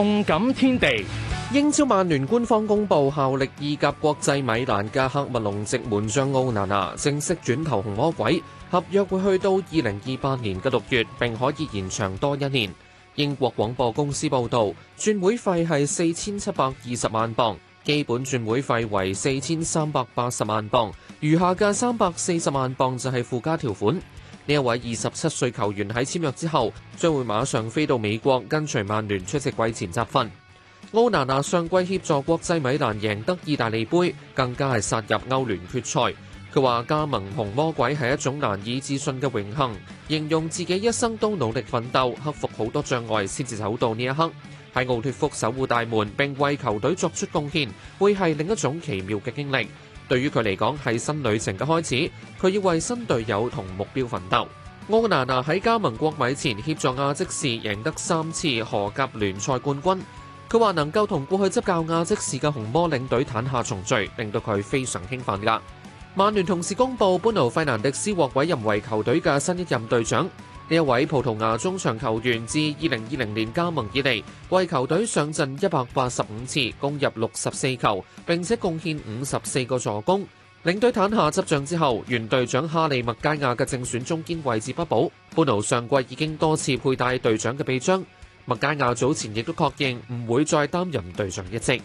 動感天地，英超曼聯官方公布效力意甲國際米蘭嘅喀麥隆籍門將奧拿拿正式轉投紅魔鬼，合約會去到二零二八年嘅六月，並可以延長多一年。英國廣播公司報道，轉會費係四千七百二十萬鎊，基本轉會費為四千三百八十萬鎊，餘下嘅三百四十萬鎊就係附加條款。呢一位二十七歲球員喺簽約之後，將會馬上飛到美國，跟隨曼聯出席季前集訓。奧拿拿上季協助國際米蘭贏得意大利杯，更加係殺入歐聯決賽。佢話加盟紅魔鬼係一種難以置信嘅榮幸，形容自己一生都努力奮鬥，克服好多障礙，先至走到呢一刻。喺奧脫福守護大門並為球隊作出貢獻，會係另一種奇妙嘅經歷。對於佢嚟講係新旅程嘅開始，佢要為新隊友同目標奮鬥。奧拿拿喺加盟國米前協助亞積士贏得三次荷甲聯賽冠軍，佢話能夠同過去執教亞積士嘅紅魔領隊坦下重聚，令到佢非常興奮㗎。曼聯同時公佈，般奴費蘭迪斯獲委任為球隊嘅新一任隊長。呢一位葡萄牙中場球員自2020年加盟以嚟，為球隊上陣185次，攻入64球，並且貢獻54個助攻。領隊坦下執掌之後，原隊長哈利·麥加亞嘅正選中堅位置不保。般奴上季已經多次佩戴隊長嘅臂章，麥加亞早前亦都確認唔會再擔任隊長一職。